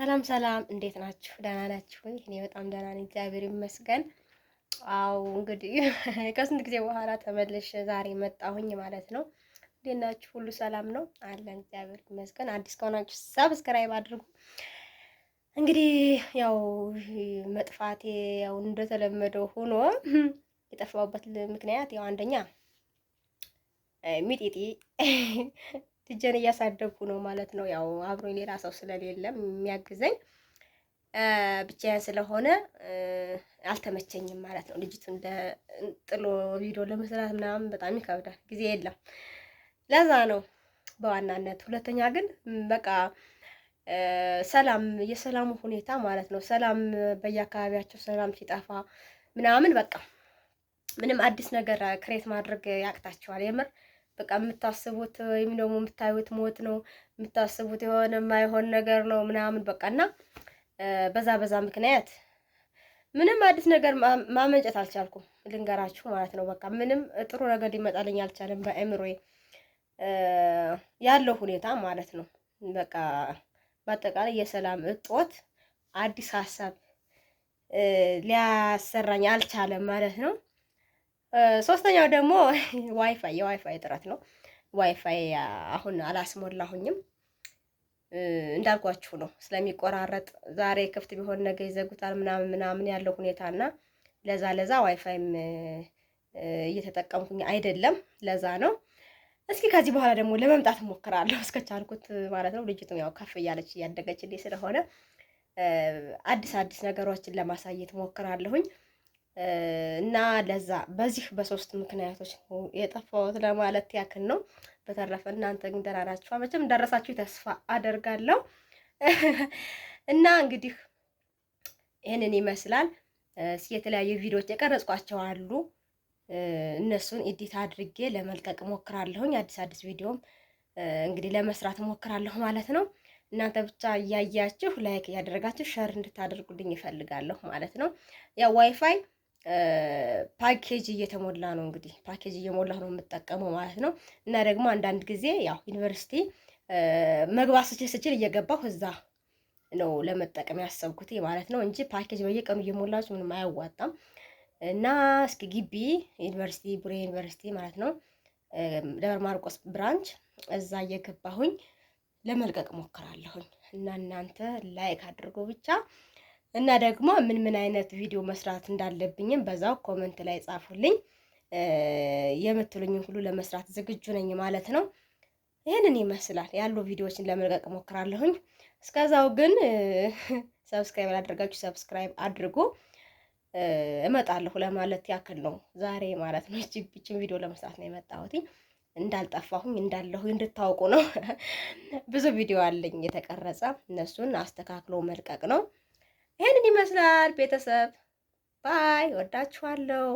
ሰላም ሰላም፣ እንዴት ናችሁ? ደህና ናችሁ? እኔ በጣም ደህና ነኝ፣ እግዚአብሔር ይመስገን። አው እንግዲህ ከስንት ጊዜ በኋላ ተመልሼ ዛሬ መጣሁኝ ማለት ነው። እንዴት ናችሁ? ሁሉ ሰላም ነው አለን፣ እግዚአብሔር ይመስገን። አዲስ ከሆናችሁ ሰብስክራይብ አድርጉ። እንግዲህ ያው መጥፋቴ ያው እንደተለመደው ሆኖ የጠፋሁበት ምክንያት ያው አንደኛ ሚጢጢ ልጄን እያሳደጉ ነው ማለት ነው። ያው አብሮኝ ሌላ ሰው ስለሌለም የሚያግዘኝ ብቻዬን ስለሆነ አልተመቸኝም ማለት ነው። ልጅቱን ጥሎ ቪዲዮ ለመስራት ምናምን በጣም ይከብዳል፣ ጊዜ የለም። ለዛ ነው በዋናነት። ሁለተኛ ግን በቃ ሰላም የሰላሙ ሁኔታ ማለት ነው። ሰላም በየአካባቢያቸው ሰላም ሲጠፋ ምናምን በቃ ምንም አዲስ ነገር ክሬት ማድረግ ያቅታቸዋል የምር በቃ የምታስቡት ወይም ደግሞ የምታዩት ሞት ነው የምታስቡት የሆነ የማይሆን ነገር ነው ምናምን በቃ እና በዛ በዛ ምክንያት ምንም አዲስ ነገር ማመንጨት አልቻልኩም፣ ልንገራችሁ ማለት ነው። በቃ ምንም ጥሩ ነገር ሊመጣልኝ አልቻለም፣ በአእምሮዬ ያለው ሁኔታ ማለት ነው። በቃ በአጠቃላይ የሰላም እጦት አዲስ ሀሳብ ሊያሰራኝ አልቻለም ማለት ነው። ሶስተኛው ደግሞ ዋይፋይ የዋይፋይ እጥረት ነው። ዋይፋይ አሁን አላስሞላሁኝም እንዳልኳችሁ ነው ስለሚቆራረጥ፣ ዛሬ ክፍት ቢሆን ነገ ይዘጉታል ምናምን ምናምን ያለው ሁኔታና ለዛ ለዛ ዋይፋይም እየተጠቀምኩኝ አይደለም። ለዛ ነው። እስኪ ከዚህ በኋላ ደግሞ ለመምጣት እሞክራለሁ እስከቻልኩት ማለት ነው። ልጅቱም ያው ከፍ እያለች እያደገች ስለሆነ አዲስ አዲስ ነገሮችን ለማሳየት እሞክራለሁኝ። እና ለዛ በዚህ በሶስት ምክንያቶች የጠፋሁት ለማለት ያክል ነው። በተረፈ እናንተ ግን ደህና ናችሁ? መቼም ደረሳችሁ ተስፋ አደርጋለሁ። እና እንግዲህ ይህንን ይመስላል። የተለያዩ ቪዲዮዎች የቀረጽኳቸው አሉ። እነሱን ኤዲት አድርጌ ለመልቀቅ ሞክራለሁኝ። አዲስ አዲስ ቪዲዮም እንግዲህ ለመስራት ሞክራለሁ ማለት ነው። እናንተ ብቻ እያያችሁ ላይክ እያደረጋችሁ ሸር እንድታደርጉልኝ ይፈልጋለሁ ማለት ነው። ያው ዋይፋይ ፓኬጅ እየተሞላ ነው እንግዲህ ፓኬጅ እየሞላ ነው የምጠቀመው ማለት ነው። እና ደግሞ አንዳንድ ጊዜ ያው ዩኒቨርሲቲ መግባት ስችል ስችል እየገባሁ እዛ ነው ለመጠቀም ያሰብኩት ማለት ነው እንጂ ፓኬጅ በየቀኑ እየሞላችሁ ምንም አያዋጣም። እና እስኪ ግቢ ዩኒቨርሲቲ ቡሬ ዩኒቨርሲቲ ማለት ነው ደብረ ማርቆስ ብራንች እዛ እየገባሁኝ ለመልቀቅ ሞክራለሁኝ። እና እናንተ ላይክ አድርጎ ብቻ እና ደግሞ ምን ምን አይነት ቪዲዮ መስራት እንዳለብኝም በዛው ኮመንት ላይ ጻፉልኝ። የምትሉኝን ሁሉ ለመስራት ዝግጁ ነኝ ማለት ነው። ይህንን ይመስላል ያሉ ቪዲዮዎችን ለመልቀቅ ሞክራለሁኝ። እስከዛው ግን ሰብስክራይብ ያላደረጋችሁ ሰብስክራይብ አድርጉ። እመጣለሁ ለማለት ያክል ነው ዛሬ ማለት ነው። እችን ቪዲዮ ለመስራት ነው የመጣሁት። እንዳልጠፋሁኝ እንዳለሁ እንድታውቁ ነው። ብዙ ቪዲዮ አለኝ የተቀረጸ፣ እነሱን አስተካክሎ መልቀቅ ነው። ይህንን ይመስላል ቤተሰብ። ባይ ወዳችኋለሁ።